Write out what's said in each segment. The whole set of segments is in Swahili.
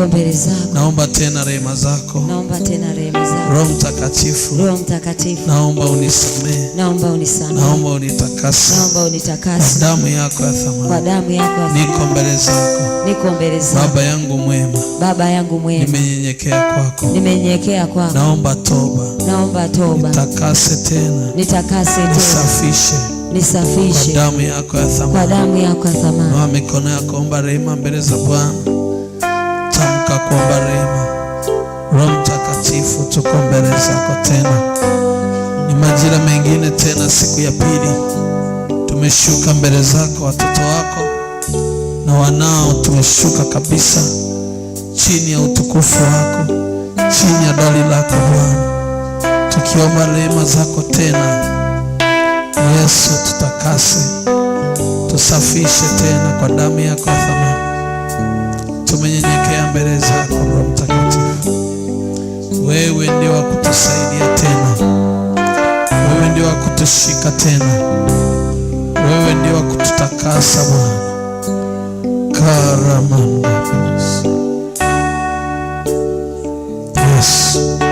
niko mbele zako, naomba tena rehema zako, naomba tena rehema zako. Roho Mtakatifu, Roho Mtakatifu, naomba unisamehe, naomba unisamehe, naomba unitakase, naomba unitakase damu yako ya thamani, kwa damu yako ya thamani. Niko mbele zako, niko mbele zako Baba yangu mwema, Baba yangu mwema, nimenyenyekea kwako, nimenyenyekea kwako. Naomba toba, naomba toba, nitakase tena, nitakase tena, nisafishe nisafishe kwa damu yako ya thamani, kwa damu yako ya thamani. Naomba Mikono yako omba rehema mbele za Bwana tukakuomba rehema. Roho Mtakatifu, tuko mbele zako tena, ni majira mengine tena, siku ya pili tumeshuka mbele zako, watoto wako na wanao, tumeshuka kabisa chini ya utukufu wako, chini ya dali lako Bwana, tukiomba rehema zako tena Yesu, tutakase tusafishe tena kwa damu yako ya thamani tumenyenyekea mbele zako Roho Mtakatifu, wewe ndio wa kutusaidia tena, wewe ndio wa kutushika tena, wewe ndio wa kututakasa Bwana karamanda Yesu.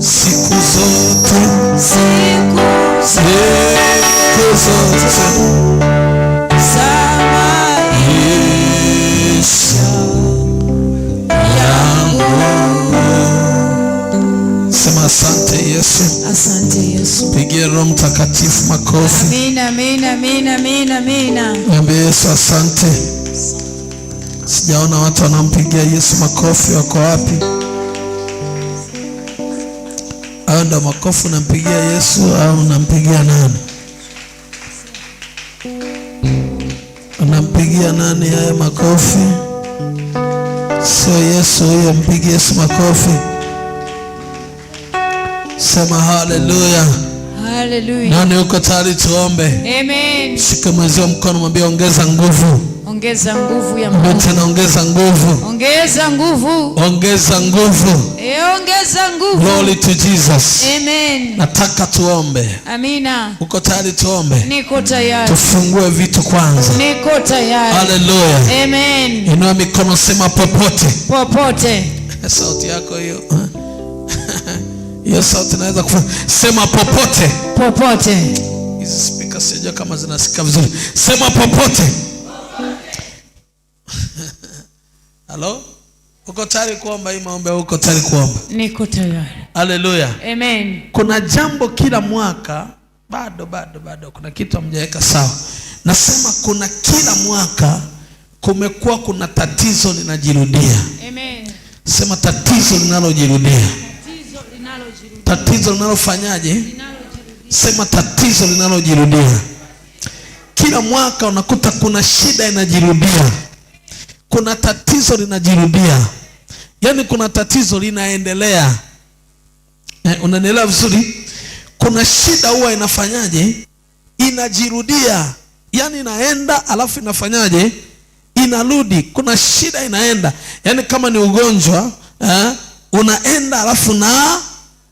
siku zote, siku zote za maisha yangu. Sema asante Yesu, asante Yesu. Pigie Roho Mtakatifu makofi. Amina, amina, amina, amina, amina. Mwambie Yesu asante. Sijaona watu wanampigia Yesu makofi, wako wapi? unapoanda makofi unampigia Yesu au unampigia nani? Unampigia nani haya makofi? Sio Yesu huyo, mpigi Yesu makofi. Sema haleluya. Haleluya. Nani uko tayari tuombe? Amen. Shika mwenzio mkono, mwambie ongeza nguvu. Ongeza nguvu ya Mungu. Ongeza nguvu. Ongeza nguvu. Ongeza nguvu. E, ongeza nguvu. Glory to Jesus. Amen. Nataka tuombe. Amina. Uko tayari tuombe? Niko tayari. Tufungue vitu kwanza. Niko tayari. Hallelujah. Amen. Inua mikono sema popote. Popote. Sauti yako hiyo. Hiyo sauti naweza kufanya. Sema popote. Popote. Hizi speaker sijua kama zinasikika vizuri. Sema popote. Halo? Uko tayari kuomba hii maombi? Uko tayari kuomba? Niko tayari. Haleluya. Amen. Kuna jambo kila mwaka bado bado bado kuna kitu hamjaweka sawa. Nasema kuna kila mwaka kumekuwa kuna tatizo linajirudia. Amen. Sema tatizo linalojirudia. Tatizo linalojirudia. Tatizo linalofanyaje? Linalojirudia. Sema tatizo linalojirudia. Kila mwaka unakuta kuna shida inajirudia kuna tatizo linajirudia, yaani kuna tatizo linaendelea. Eh, unanielewa vizuri? Kuna shida huwa inafanyaje, inajirudia, yaani inaenda alafu inafanyaje, inarudi. Kuna shida inaenda, yaani kama ni ugonjwa eh, unaenda alafu na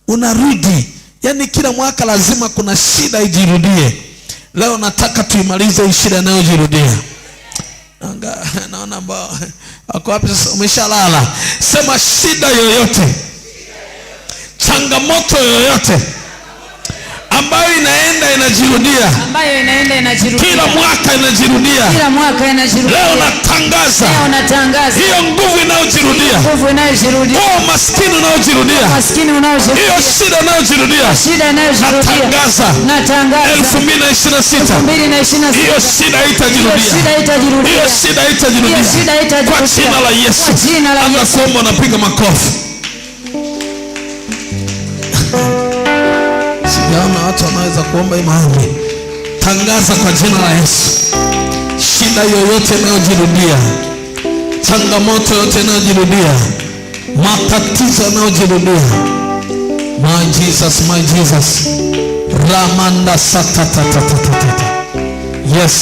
unarudi, yaani kila mwaka lazima kuna shida ijirudie. Leo nataka tuimalize hii shida inayojirudia. naona ambao wako wapi sasa? Umeshalala. Sema shida yoyote, changamoto yoyote ambayo inaenda inajirudia, ambayo inaenda inajirudia, kila mwaka inajirudia, kila mwaka inajirudia. Leo natangaza, leo natangaza hiyo nguvu inayojirudia, nguvu inayojirudia, kwa maskini unaojirudia, maskini unaojirudia, hiyo shida inayojirudia, shida inayojirudia, natangaza, natangaza 2026 hiyo shida haitajirudia, shida hiyo shida shida kwa jina la Yesu, kwa jina la Yesu. napiga makofi Naona watu wanaweza kuomba imani. Tangaza kwa jina la Yesu, shida yoyote inayojirudia, changamoto yote inayojirudia, matatizo yanayojirudia, my Jesus, my Jesus, ramanda satatatatata, yes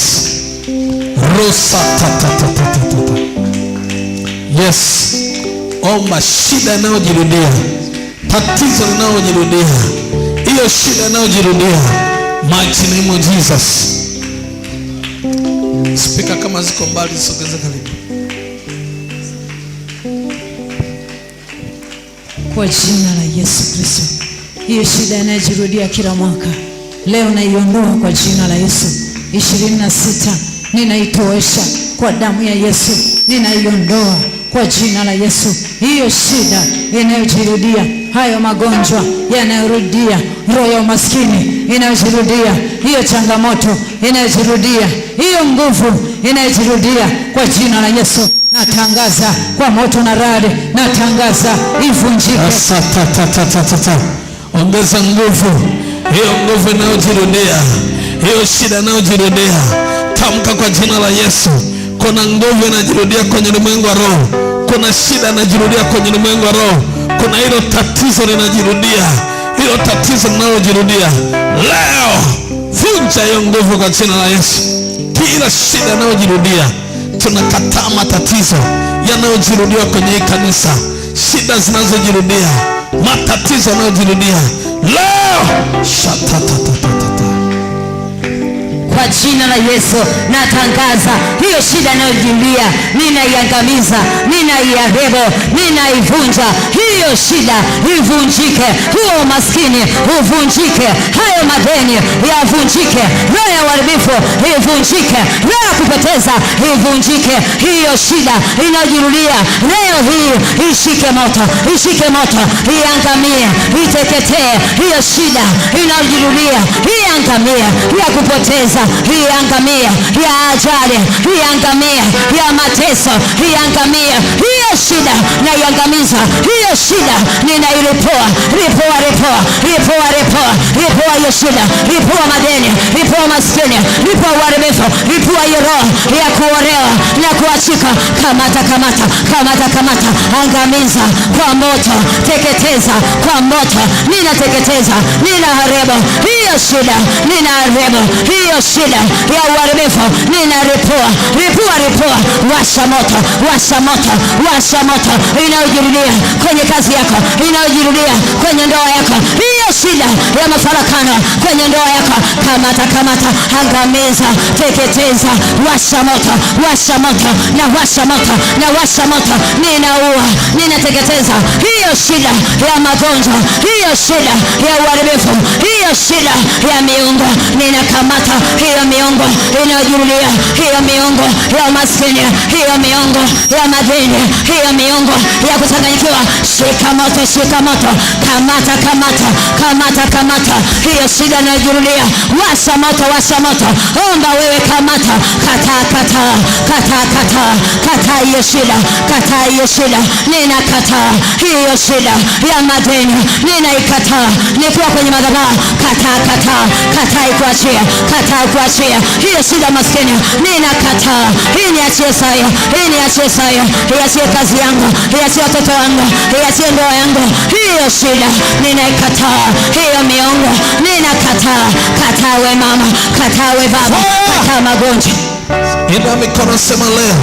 rosa rosatatatatata, yes, omba shida inayojirudia, tatizo linalojirudia kila shida inayojirudia name of Jesus. Spika, kama ziko mbali sogeza karibu. Kwa jina la Yesu Kristo, hiyo shida inayojirudia kila mwaka leo naiondoa kwa jina la Yesu. ishirini na sita ninaitoesha kwa damu ya Yesu, ninaiondoa kwa jina la Yesu. Hiyo shida inayojirudia hayo magonjwa yanayorudia, roho ya umaskini inayojirudia, hiyo changamoto inayojirudia, hiyo nguvu inayojirudia, kwa jina la Yesu natangaza kwa moto na radi, natangaza ivunjike. Ongeza nguvu, hiyo nguvu inayojirudia, hiyo shida inayojirudia, tamka kwa jina la Yesu. Kuna nguvu inajirudia kwenye ulimwengu wa roho, kuna shida inajirudia kwenye ulimwengu wa roho kuna hilo tatizo linajirudia, hilo tatizo linalojirudia leo, vunja hiyo nguvu kwa jina la Yesu. Kila shida inayojirudia tunakataa, matatizo yanayojirudia kwenye hii kanisa, shida zinazojirudia, matatizo yanayojirudia leo shatatatata kwa jina la Yesu natangaza hiyo shida inayojirudia, ninaiangamiza, ninaiharibu, ninaivunja hiyo shida ivunjike, huo umaskini uvunjike, hayo madeni yavunjike, roho ya uharibifu ivunjike, roho ya kupoteza ivunjike, hiyo shida inajirudia leo hii ishike moto, ishike moto, iangamie, iteketee, hiyo shida inajirudia, iangamie, ya kupoteza iangamie, ya ajali iangamie, ya mateso iangamie, hiyo shida na iangamiza hiyo shida ninairipoa ripoa ripoa ripoa ripoa ripoa hiyo shida ripoa madeni ripoa maskini ripoa uharibifu ripoa hiyo roho ya kuorewa na kuachika kamata kamata kamata kamata angamiza kwa moto teketeza kwa moto ninateketeza ninaharibu hii shida ninaharibu, hiyo shida ya uharibifu ninaripua, ripua, ripua, washa moto, washa moto, washa moto inayojirudia kwenye kazi yako, inayojirudia kwenye ndoa yako, hiyo shida ya mafarakano kwenye ndoa yako, kamata, kamata, angamiza, teketeza, washa moto, washa moto na washa moto na washa moto, ninaua, ninateketeza hiyo shida ya magonjwa, hiyo shida ya uharibifu, hiyo shida ya miungu, ninakamata hiyo miungu inajurulia, hiyo miungu ya umaskini, hiyo miungu ya madini, hiyo miungu ya kuchanganyikiwa. Shika moto, shika moto, kamata, kamata, kamata, kamata hiyo shida inajurulia. Washa moto, washa moto, omba wewe, kamata, kataa, kataa, kataa, kataa, kataa hiyo shida, kataa hiyo shida, ninakataa hiyo shida ya madini, ninaikataa nikiwa kwenye madhabahu, kataa kataa, kataa ikuachie, kataa ikuachie hiyo shida maskini, nina kataa hii, achie saya, hii niachie saya, iachie kazi yangu, iachie watoto wangu, iachie ndoa yangu, hiyo shida ninaikataa, hiyo miongo nina kataa, kataa we mama, kataa we baba, kataa magonjwa. Inua mikono, sema leo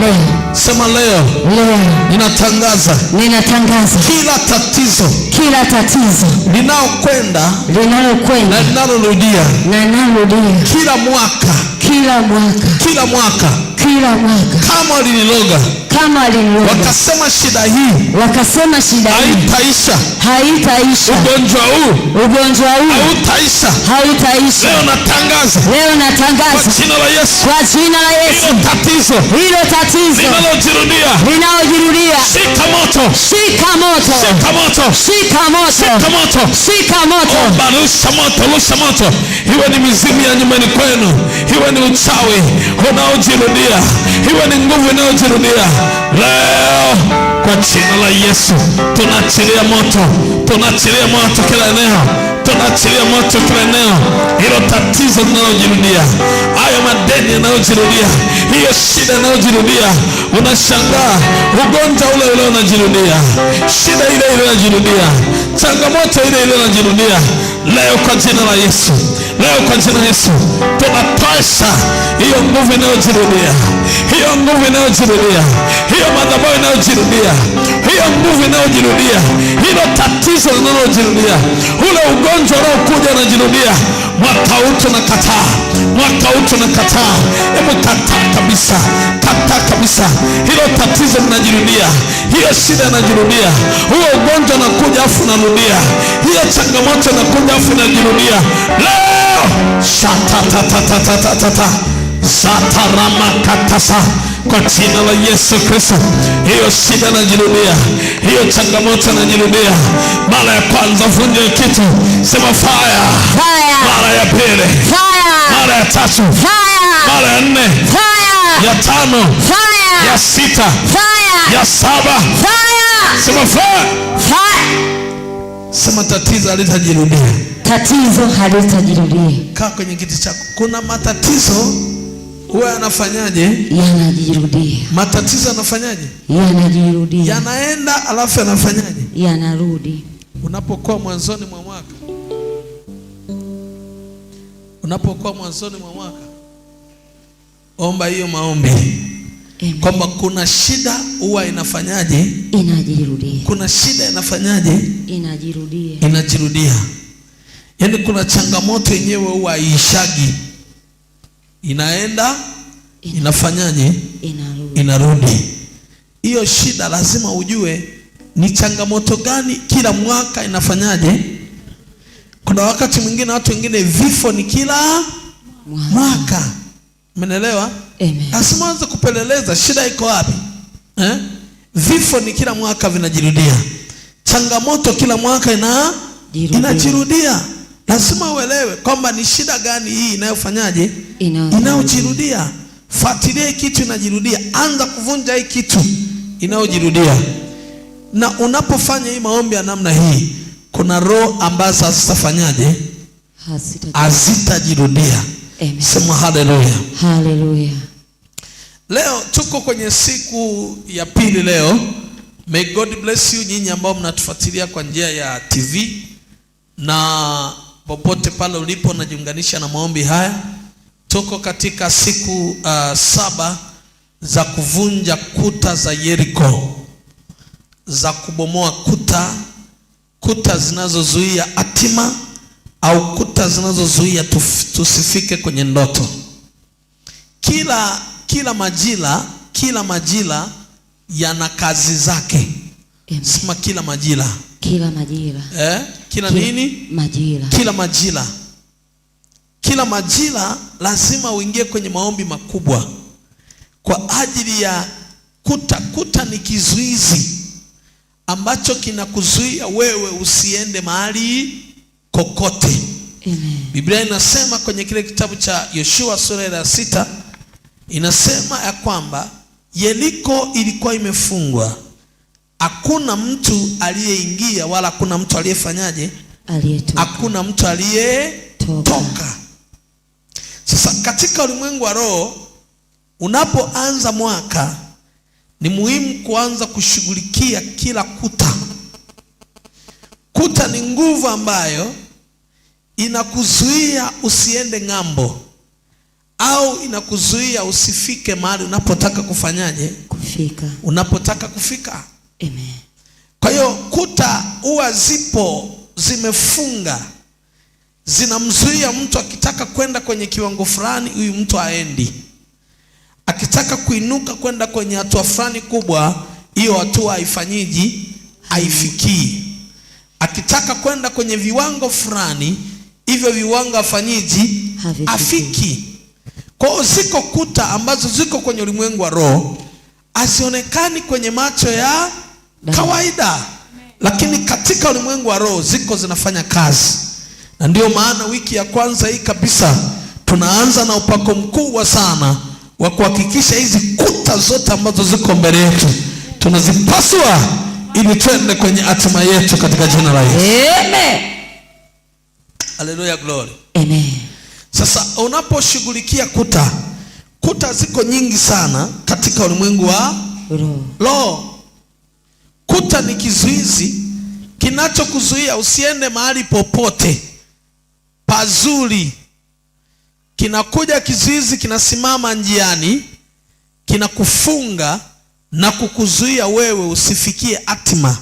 leo Sema leo, leo ninatangaza, ninatangaza kila tatizo, kila tatizo linalokwenda, linalokwenda na linalorudia, na linalorudia kila mwaka, kila mwaka, kila mwaka, kila mwaka, kama aliniloga kama aliniloga, wakasema shida hii, wakasema shida hii haitaisha, haitaisha, ugonjwa huu, ugonjwa huu hautaisha, hautaisha. Leo natangaza, leo natangaza kwa jina la Yesu, kwa jina la Yesu tatizo hilo tatizo linalojirudia linalojirudia, shika moto, shika moto, shika moto, shika moto, shika moto, shika moto, omba, rusha moto, rusha moto, iwe ni mizimu ya nyumbani kwenu, iwe ni uchawi unaojirudia, iwe ni nguvu inayojirudia leo, kwa jina la Yesu tunaachilia moto, tunaachilia moto kila eneo tunaachilia moto kila eneo, hilo tatizo linalojirudia, hayo madeni yanayojirudia, hiyo shida inayojirudia unashangaa, ugonjwa ule ule unajirudia, shida ile ile unajirudia, changamoto ile ile unajirudia. Leo kwa jina la Yesu, leo kwa jina la Yesu tunapasha hiyo nguvu inayojirudia, hiyo nguvu inayojirudia, hiyo madhabahu inayojirudia, hiyo nguvu inayojirudia, hilo tatizo linalojirudia, ule ugonjwa unaokuja unajirudia, mwaka na kataa mwaka huu tunakataa. Hebu kata kabisa, kata kabisa. Hilo tatizo linajirudia, hiyo shida inajirudia, huo ugonjwa unakuja afu unarudia, hiyo changamoto inakuja afu inajirudia. Leo shatatatatatatata zataramakatasha kwa jina la Yesu Kristo. Hiyo shida najirudia, hiyo changamoto najirudia. Mara ya kwanza vunja kitu, sema fire. Mara ya pili fire, mara ya tatu fire, mara ya nne fire, ya tano fire, ya sita fire, ya saba fire, sema fire, fire. Sema tatizo halitajirudia, tatizo halitajirudia. Kaa kwenye kiti chako, kuna matatizo huwa anafanyaje? Yanajirudia. Matatizo anafanyaje? Yanajirudia, yanaenda alafu anafanyaje? Yanarudi. Unapokuwa mwanzoni mwa mwaka, unapokuwa mwanzoni mwa mwaka, omba hiyo maombi kwamba kuna shida huwa inafanyaje? Inajirudia. Kuna shida inafanyaje? Inajirudia, inajirudia. Yaani kuna changamoto yenyewe huwa haishagi inaenda inafanyaje? Inarudi. Hiyo shida lazima ujue ni changamoto gani kila mwaka inafanyaje. Kuna wakati mwingine watu wengine vifo ni kila mwaka, umeelewa? Lazima anze kupeleleza shida iko wapi eh? Vifo ni kila mwaka vinajirudia, changamoto kila mwaka ina inajirudia Lazima uelewe kwamba ni shida gani hii inayofanyaje, inayojirudia. Fuatilia hii kitu inajirudia, anza kuvunja hii kitu inayojirudia. Na unapofanya hii maombi ya namna hii, kuna roho ambazo hazitafanyaje, hazitajirudia. Sema haleluya, haleluya. Leo tuko kwenye siku ya pili leo. May God bless you nyinyi ambao mnatufuatilia kwa njia ya TV na popote pale ulipo, najiunganisha na maombi haya. Tuko katika siku uh, saba za kuvunja kuta za Yeriko, za kubomoa kuta, kuta zinazozuia hatima au kuta zinazozuia tusifike kwenye ndoto. Kila kila majira, kila majira yana kazi zake. Sema kila majira kila majira. Eh? Kila, kila nini? Majira. Kila majira. Kila majira lazima uingie kwenye maombi makubwa kwa ajili ya kuta. Kuta ni kizuizi ambacho kinakuzuia wewe usiende mahali kokote. Amen. Biblia inasema kwenye kile kitabu cha Yoshua sura ya sita inasema ya kwamba Yeriko ilikuwa imefungwa hakuna mtu aliyeingia wala hakuna mtu aliyefanyaje, hakuna mtu aliyetoka. Sasa katika ulimwengu wa roho, unapoanza mwaka ni muhimu kuanza kushughulikia kila kuta. Kuta ni nguvu ambayo inakuzuia usiende ng'ambo au inakuzuia usifike mahali unapotaka kufanyaje, kufika, unapotaka kufika Amen. Kwa hiyo kuta huwa zipo zimefunga, zinamzuia mtu akitaka kwenda kwenye kiwango fulani, huyu mtu aendi. Akitaka kuinuka kwenda kwenye hatua fulani kubwa, hiyo hatua haifanyiji, haifikii. Akitaka kwenda kwenye viwango fulani, hivyo viwango afanyiji, afiki. Kwa hiyo ziko kuta ambazo ziko kwenye ulimwengu wa roho, hazionekani kwenye macho ya kawaida, lakini katika ulimwengu wa roho ziko zinafanya kazi, na ndiyo maana wiki ya kwanza hii kabisa tunaanza na upako mkubwa sana wa kuhakikisha hizi kuta zote ambazo ziko mbele yetu tunazipasua ili twende kwenye hatima yetu katika jina la Yesu. Amen. Haleluya, glory. Amen. Sasa unaposhughulikia kuta, kuta ziko nyingi sana katika ulimwengu wa roho Kuta ni kizuizi kinachokuzuia usiende mahali popote pazuri. Kinakuja kizuizi, kinasimama njiani, kinakufunga na kukuzuia wewe usifikie hatima,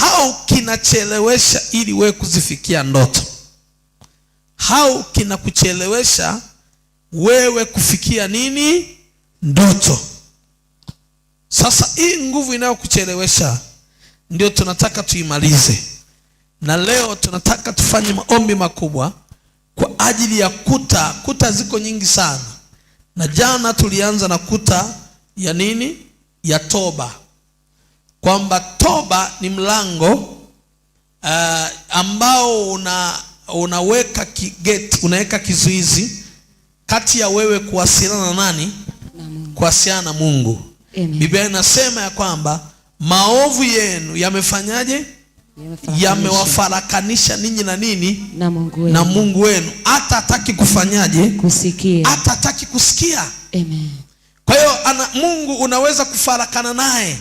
au kinachelewesha ili wewe kuzifikia ndoto, au kinakuchelewesha wewe kufikia nini, ndoto. Sasa hii nguvu inayokuchelewesha ndio tunataka tuimalize, na leo tunataka tufanye maombi makubwa kwa ajili ya kuta. Kuta ziko nyingi sana, na jana tulianza na kuta ya nini? Ya toba, kwamba toba ni mlango uh, ambao una unaweka gate, unaweka kizuizi kati ya wewe kuwasiliana na nani? Kuwasiliana na Mungu. Biblia inasema ya kwamba maovu yenu yamefanyaje? Yamewafarakanisha ninyi na nini? Na Mungu wenu, na Mungu wenu. Hata hataki kufanyaje? Kusikia. Hata hataki kusikia. Amen. Kwa hiyo Mungu unaweza kufarakana naye.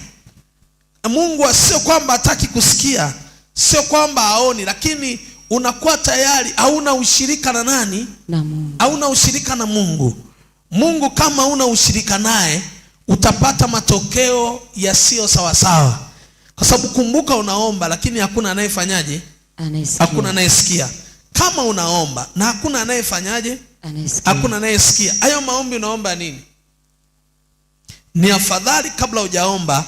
Mungu sio kwamba hataki kusikia, sio kwamba haoni, lakini unakuwa tayari hauna ushirika na nani? Na Mungu. Hauna ushirika na Mungu. Mungu kama una ushirika naye utapata matokeo yasiyo sawasawa, kwa sababu kumbuka, unaomba lakini hakuna anayefanyaje? Hakuna anayesikia kama unaomba na hakuna anayefanyaje? Hakuna anayesikia. Hayo maombi unaomba nini? Ni afadhali kabla hujaomba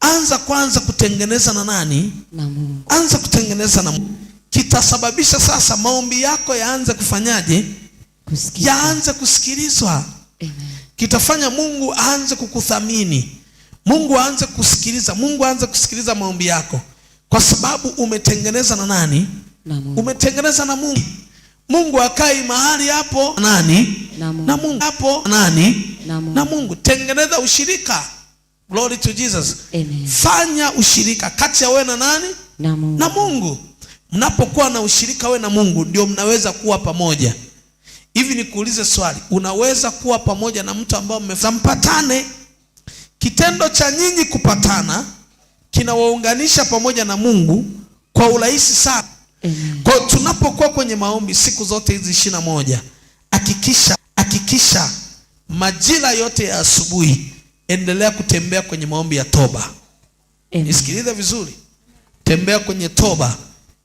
anza kwanza kutengeneza na nani? Na Mungu. Anza kutengeneza na Mungu, kitasababisha sasa maombi yako yaanze kufanyaje? Yaanze kusikilizwa. Amen kitafanya Mungu aanze kukuthamini, Mungu aanze kusikiliza, Mungu aanze kusikiliza maombi yako, kwa sababu umetengeneza na nani? Na Mungu. Umetengeneza na Mungu. Mungu akai mahali hapo nani? Na Mungu. Na Mungu hapo nani? Na Mungu. Na Mungu. Tengeneza ushirika. Glory to Jesus. Amen. Fanya ushirika kati ya wewe na nani? Na Mungu. Na Mungu. Mnapokuwa na ushirika wewe na Mungu ndio mnaweza kuwa pamoja. Hivi nikuulize swali, unaweza kuwa pamoja na mtu ambao mmezampatane? Kitendo cha nyinyi kupatana kinawaunganisha pamoja na Mungu kwa urahisi sana. Kwa tunapokuwa kwenye maombi siku zote hizi ishirini na moja, hakikisha hakikisha majira yote ya asubuhi endelea kutembea kwenye maombi ya toba. Nisikilize vizuri, tembea kwenye toba,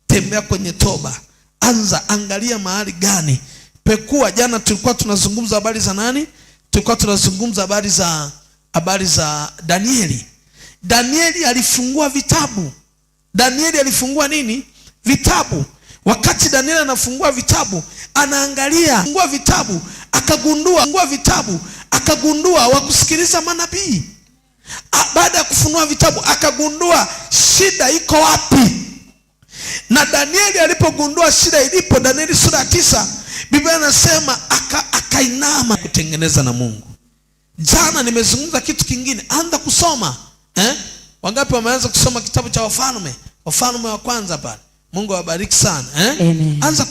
tembea kwenye toba. Anza, angalia mahali gani Pekua jana tulikuwa tunazungumza habari za nani? Tulikuwa tunazungumza habari za habari za Danieli. Danieli alifungua vitabu. Danieli alifungua nini? Vitabu. Wakati Danieli anafungua vitabu, anaangalia fungua vitabu, akagundua fungua vitabu, akagundua wa kusikiliza manabii. Baada ya kufunua vitabu, akagundua shida iko wapi. Na Danieli alipogundua shida ilipo, Danieli sura ya tisa, Biblia inasema akainama aka kutengeneza na Mungu. Jana nimezungumza kitu kingine, anza kusoma eh? Wangapi wameanza kusoma kitabu cha Wafalme, Wafalme wa kwanza pale? Mungu awabariki sana eh? Anza